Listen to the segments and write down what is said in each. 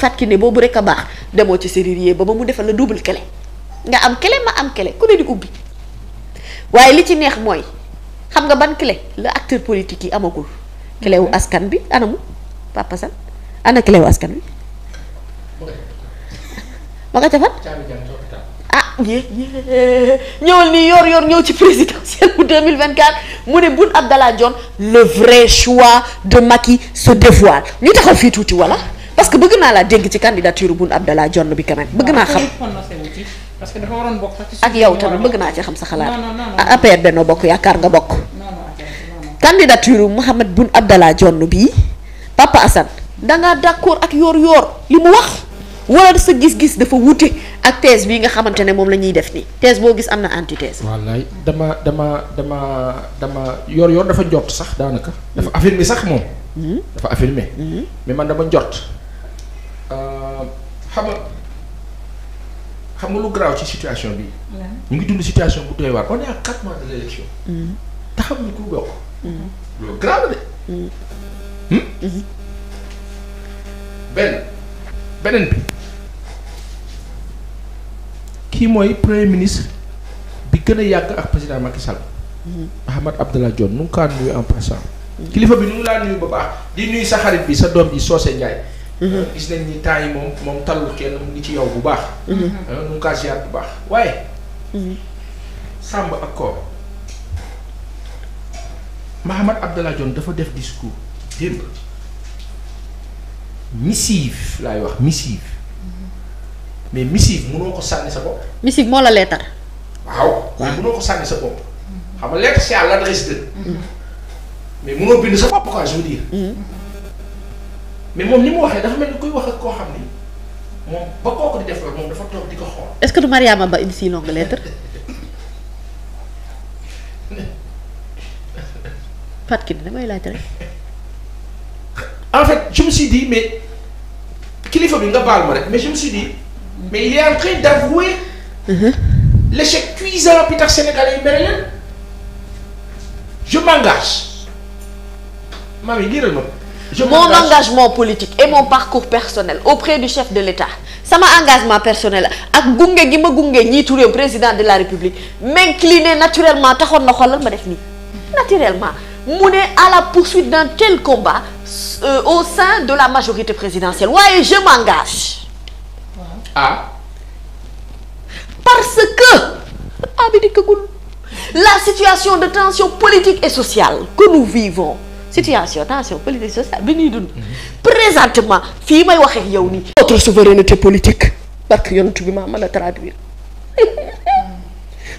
fatkiné boobu rek a baax demoo ci serrurier ba ba mu defal la double clé nga am clé ma am clé ku ne di ubbi waaye li ci neex mooy xam nga ban clé la acteur politique yi amagul clé wu askan bi anamu Papa Sane ana clé wu askan bi ma nga ca fan ah ñëwal nii yor yor ñëw ci présidentielle bu 2024 mu ne Boun Abdallah Dionne le vrai choix de Macky se dévoile ñu taxaw fii tuuti wala parce que bëgg naa laa dégg ci candidature Boun Abdallah Dionne bi quand même bëgg naa xam parce que dafa waroon bokk ak yow tamit bëgg naa ci xam sa xalaat APR Benno Bokk Yaakaar nga bokk candidature Mouhamed Boun Abdallah Dionne bii Papa Assane dangaa d'accord ak yoor yoor li mu wax wala sa gis-gis dafa wuute ak thèse bii nga xamante ne moom la ñuy def nii thèse boo gis am na antithèse wallaay dama dama dama dama yoor yoor dafa jot sax daanaka dafa affirmer sax moom hmm? dafa affirmer hmm? mais dama jot Euh, xam nga xam nga lu ci situation bi. mu ngi dund situation bu doy waar on est à quatre mois de l' mm-hmm. te xam nga ku bokk. Mm-hmm. loolu garaaw la de. Mm-hmm. Hmm? beneen bi kii mooy premier ministre bi gën a yàgg ak président Macky Sall. Mahammed Abdallah Dionne nu en passant. kilifa bi nu mu laa nuyu ba baax di nuyu sa xarit bi sa doom bi Socé Ndiaye. Euh, gis nañ ni temps yi moom moom talul kenn mu ngi ci yaw bu baax. nu mhm. euh, mu kaa ziar bu baax waaye. Mhm. Samba ak Koor Mahamad Abdallah Dionne dafa def discours démb missive laay wax missive mhm. mais missive mënoo ko sànni sa bopp. missive moo la leetar. waaw mais ko sànni sa bopp. xam nga lettre c'est à l'adresse mais mënoo bind sa bopp quoi je veux mais moom ni mu waxee dafa mel ni kuy wax ak koo xam ni moom ba kooku di def loolu moom dafa toog di ko xool. est du Mariama Ba une si longue lettre. Fatou Kiné damay laaj rek. en fait je me mais kilifa bi nga baal ma rek mais je me suis dit mais il est en train d'avouer uh-huh. l'échec cuisant bi tax sénégalais yu mere leen je m'engage maam yi liiral ma. je mon engagement politique et mon parcours personnel auprès du chef de l'État sama engagement personnel ak gunge gi ma gunge njiitu réew président de la République m'incliner naturellement taxoon na xoolal ma def nii naturellement mu ne à la poursuite d'un tel combat euh, au sein de la majorité présidentielle waaye je m'engage ah. parce que abi ah, dikkagul la situation de tension politique et sociale que nous vivons situation tension politique sociale bi ñuy dund. présentement fii may waxee yow nii. notre souveraineté politique. parce que yonent bi ma mën a traduire.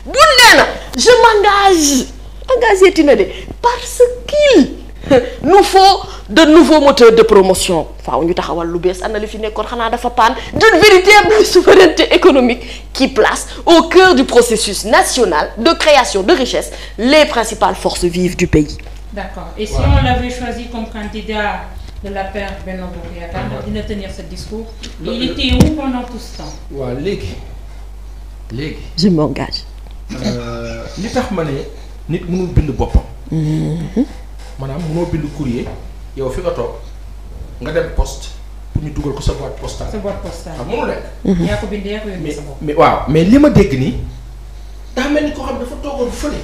bu nee na je m'engage engagé tina de parce qu'il nous faut de nouveaux moteurs de promotion faaw ñu taxawal lu bees ana li fi nekkoon xanaa dafa paan d'une véritable souveraineté économique qui place au cœur du processus national de création de richesse les principales forces vives du pays. D'accord. Et si voilà. on l'avait choisi comme candidat de la paire Benno Bokk Yaakaar ah. ndax dina tenir ce discours. Le, il était où pendant temps. waaw euh, tax ma ne nit mënul bind boppam. Mhm. maanaam mënoo bind yow fi nga nga dem poste ñu dugal ko sa boîte postale. sa boîte postale xam ah, mhm. mais waaw mais li ma dégg nii daa mel ni koo xam dafa toogoon fële.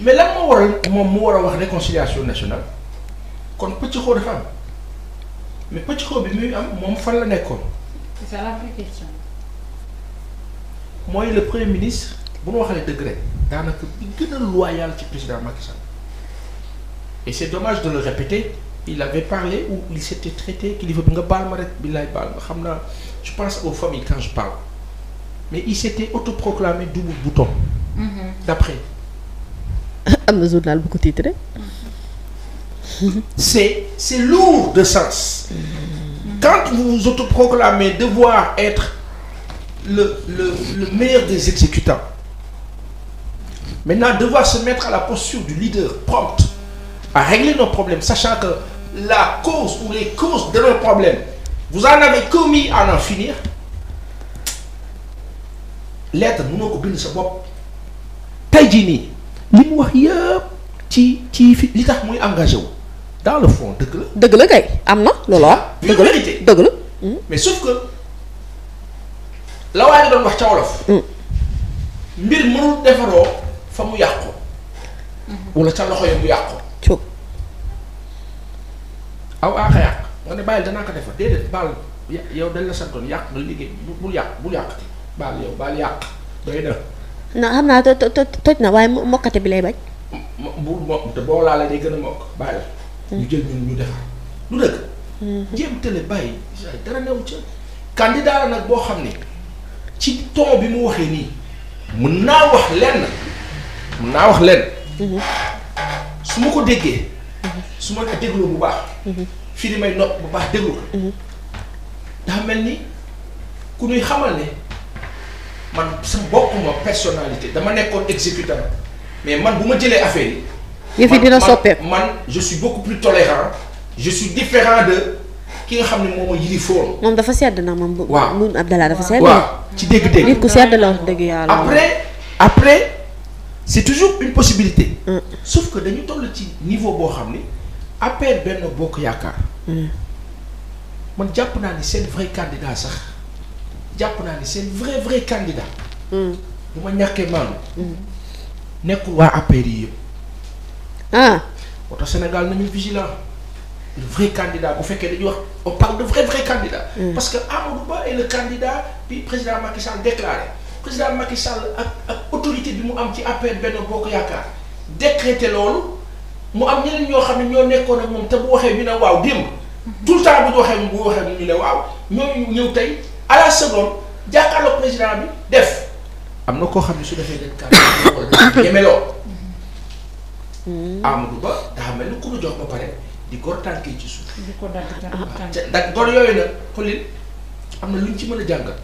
mais lan moo waral moom mu war a wax réconciliation nationale kon pëcc dafa am mais pëccixoo bi muy am moom fan la nekkoon. c'est ça la le premier ministre bu ma waxalee dëgg rek daanaka bi gën loyal ci président Macky Sall et c'est dommage de le répéter il avait parlé ou il s'était traité kilifa bi nga baal ma rek bi laay baal ma xam naa je pense aux familles quand je parle mais il s'était autoproclamé double bouton. Mm-hmm. d'après. am na journal bu ko titré. c'est c'est de sens. quand vous vous autoproclamez devoir être le le meilleur des exécutants maintenant devoir se mettre à la posture du leader prompt à régler nos problèmes sachant que la cause ou les causes de nos problèmes vous en avez commis à en finir lettre mënoo ko bind sa bopp tey jii li mu wax yëpp ci ci fi li tax muy engagé wu dans le fond dëgg la. dëgg la kay am na looloo. dëgg la dëgg la hmm. Hmm. mais sauf que la waa ji doon wax ca wolof. Hmm. mbir mënul defaroo fa mu yàqu. wala ca loxo yi mu yàqu. cóob aw aaka yàq nga ne bàyyil danaa ko defar déedéet baal yow na la santoon yàq nga liggéey bul yàq bul yàqati baal yow baal yàq doy na. non xam naa to to toj na waaye mokkate bi lay bañ. mo bu mokk te boo laalee day gën a mokk bàyyi la. Hmm. ñu jël ñun ñu defar lu dëgg. Hmm. jéem tële bàyyi dara newu ca. candidat la nag boo xam ne ci ton bi mu waxee nii mën naa wax lenn mën naa wax lenn. Hmm. su ma ko déggee. su ma dégloo bu baax. fii di may nopp bu baax déglu ko. daa mel ni ku ñuy xamal ne. man sa bokkuma personnalité dama nekkoon exécutant mais man bu ma jëlee affaire yi. yëf yi dina soppeeku man je suis beaucoup plus tolérant je différent de ki nga xam ne moom mooy yilifoon. moom dafa sedd na moom. waaw moom Abdallah dafa sedd. waaw ci dégg-dégg. nit ku sedd la wax dëgg yàlla. après après c'est toujours une possibilité. Mm. sauf que dañu toll ci niveau boo xam ni après benn bokk yaakaar. Mm. man jàpp naa ni seen vrai candidat sax. jàpp naa ni seen vrai vrai candidat. Hmm. bu ma ñàkkee maanu. Hmm. nekkul waa APR yi yëpp. ah. oto Sénégal nañu vigilant le vrai candidat bu fekkee dañuy wax on parle de vrai vrai candidat. Hmm. parce que Amadou Ba est le candidat bi président Macky Sall déclaré président Macky Sall ak ak autorité bi mu am ci APR Benno Bokk Yaakaar décrété loolu mu am ñeneen ñoo xam ne ñoo nekkoon ak moom te bu waxee mu ne waaw démb. tout le temps bu ñu waxee bu waxee ñu ne waaw ñooñu ñëw tey. à la seconde jàkkaarloo président bi def am na koo xam ne su defee leen kàddu ñemeloo hmm. Amadou Ba daa mel ni ku nu jox ba pare di góor tànkee ci suuf. di ko dagg ah, tànk ndax góor yooyu nag Pauline am na luñ ci mën a jàngal.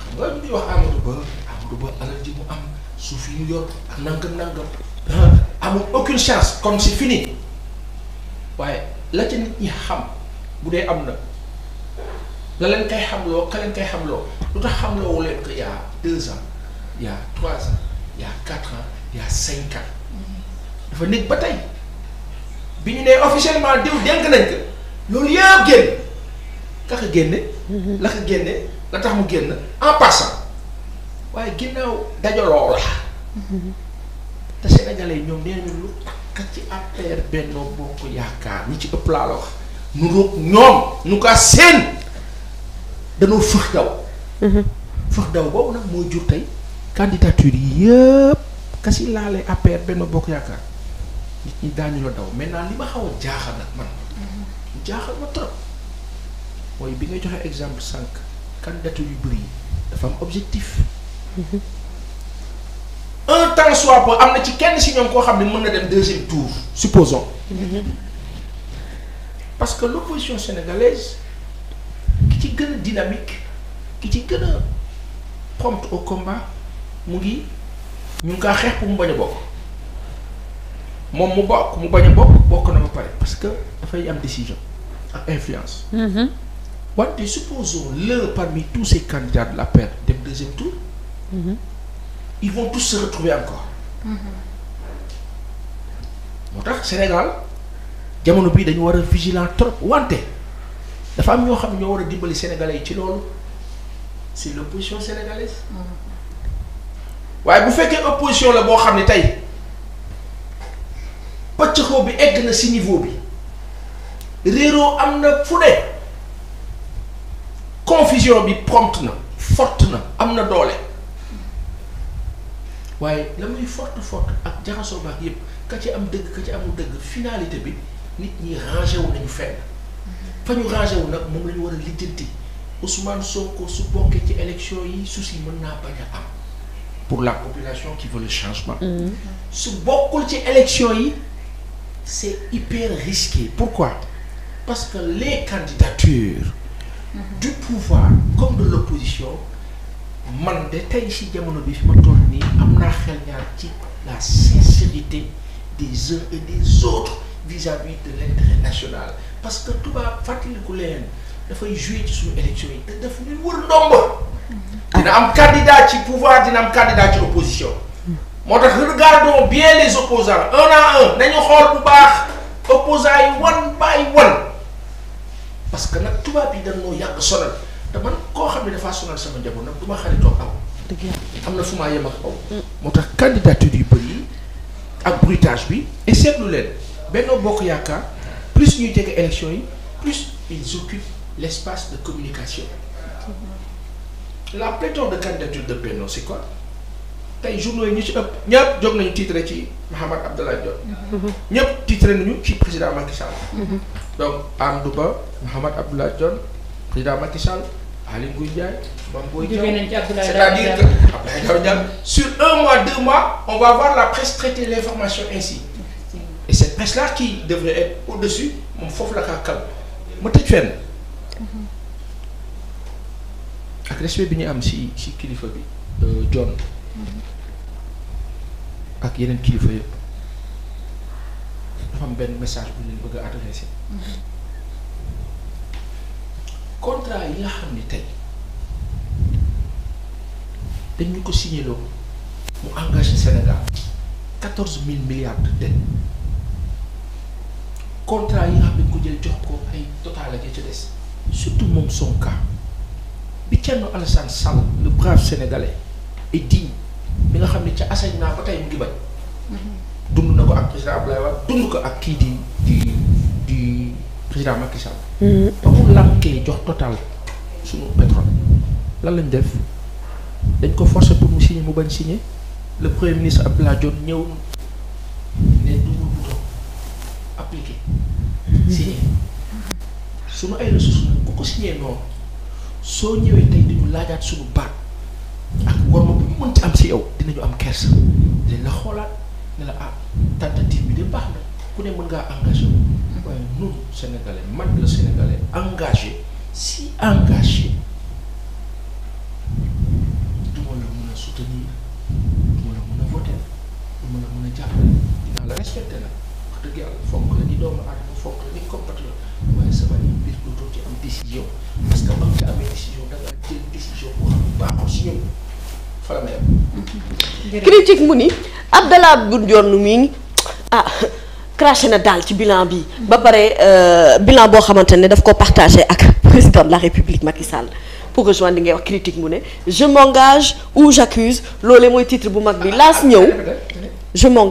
xam nga ñuy wax Amadou Ba Amadou Ba alal ji mu am suuf yi mu yor ak nangam nangam. Ah, amul aucune chance comme c'est fini waaye la ca nit ñi xam bu dee am na. nga leen xam loo ka leen koy xamloo lu tax xam xamloo wu leen ko y'a deux ans y'a trois ans y'a quatre ans y'a cinq dafa nekk ba tey bi ñu nee officiellement diw dénk nañ ko loolu yëpp génn ka ko génne mhm. la ko génne la tax mu génn en passant waaye ginnaaw dajaloo la mhm. te sénégalais ñoom nee nañu lu takk ci affaire Benno Bokk Yaakaar ñi ci ëpp laa la wax nu roog ñoom nu ko seen danoo fëx daw. Mhm. fëx daw boobu nag mooy jur tey candidature yi yëpp kasi laale APR benn bokk yaakaar nit ñi daañu la daw maintenant li ma xaw jaaxal nag man. jaaxal ma trop mooy bi nga joxe exemple cinq candidature yu bëri yi dafa am objectif. Mhm. un temps soit peu am na ci kenn si ñoom koo xam ne mën na dem deuxième tour supposons. Mhm. parce que l'opposition sénégalaise. ci gën a ki ci gën a au combat mu ngi ñu ngi kaa xeex pour mu bañ bokk moom mu bokk mu bañ bokk bokk na ba pare parce que dafay am décision ak influence. Mm-hmm. wante supposons l'un parmi tous ces de la paire dem deuxième tour. Mm-hmm. ils vont tous se retrouver encore. Mm-hmm. moo tax Sénégal jamono bii dañu war vigilant trop wante. dafa am ñoo xam ñoo war a dimbali sénégalais yi ci loolu si l'opposition sénégalaise mm-hmm. waaye bu fekkee opposition la boo xam ne tey pëccxoo bi egg na si niveau bi réeroo am na fu ne confusion bi prompte na forte na am na doole waaye la muy forte forte ak jaxasoo baax yépp ka ci am dëgg ka ci amul dëgg finalité bi nit ñi rangé wu nañu fenn fa ñu rangé wu nag moom la ñu war a lijjanti Ousmane Sonko su bokkee ci élection yi souci mën naa bañ a am pour la population qui veut le changement. Mm-hmm. su bokkul ci élection yi c' est hyper risqué. pourquoi parce que les candidatures. Mm-hmm. du pouvoir comme de l' opposition man de tey si jamono bi fi ma toll nii am naa xel ñaar ci la sincérité des uns et des autres vis-à-vis de l' intérêt parce que tubaab fàttaliku leen dafay joué suñu élection yi te daf ñu wër ndomba. dina am candidat ci pouvoir dina am candidat ci opposition. moo tax regardons bien les opposants un à un nañu xool bu baax opposants yi wan bàyyi wan parce que nag tubaab yi dañoo yàgg sonal te man koo xam ne dafaa sonal sama njaboot nag du xaritoo aw. am na fu maa yem ak moo tax candidature yu bëri ak bruitage bi et seetlu leen Benno Bokk Yaakaar. plus ñuy jege élection yi plus ils occupent l'espace de communication la pléthore de candidature de Benno c'est quoi tey journaux yi ñu ci ëpp ñëpp jóg nañu titre ci Mahammed Abdoulaye Dione ñëpp titre nañu ci président Macky Sall donc Amadou Ba Mahammed Abdoulaye Dione président Macky Sall Aly Ngouille Ndiaye Mame Boye Diao c'est-à-dire que Abdoulaye Daouda Diallo sur un mois deux mois on va voir la presse traiter l'information ainsi cette brèche-là qui devrait être au-dessus moom foofu la kaa kal ma tëj fenn ak respect bi ñu am ci ci kilifa bi euh, John ak yeneen kilifa yëpp dafa am benn message bu leen bëgg a adressé yi nga xam ni tey dañu ko signéloo mu engagé Sénégal quatorze mille milliards de contrat yi xam ne ko jël jox ko ay total ak ca des surtout moom son cas bi Thierno Alassane Sall le brave sénégalais et digne bi nga xam ne ca asañ naa ba tey mu ngi mm-hmm. dund na ko ak président ko ak kii di di di président Macky Sall mm-hmm. ba mu lànkee jox total suñu pétrole lan lañ def dañ ko forcer pour mu signer mu bañ signer le premier ministre Abdoulaye Dione ñëw appliqué signé suñu ay ressources nag ku ko signé noonu soo ñëwee tey dañu laajaat suñu baat ak war ma bu ñu am si yow dinañu am kersa dañ la xoolaat ne la ah ku ne mën ngaa engagé wu waaye ñun a soutenir du ma la mën a voter du ma la mën a jàppale dinaa la respecté la wax dëgg yàlla foog di doomu ni compatriote bu doon mu ni ah. craché na daal ci bilan bi ba pare euh, bilan boo xamante ne daf ko partagé ak président la république Macky pour rejoindre ngay wax critique mu ne je m'engage ou j'accuse loolee mooy titre bu mag bi laas ah, ah, ñëw je m'engage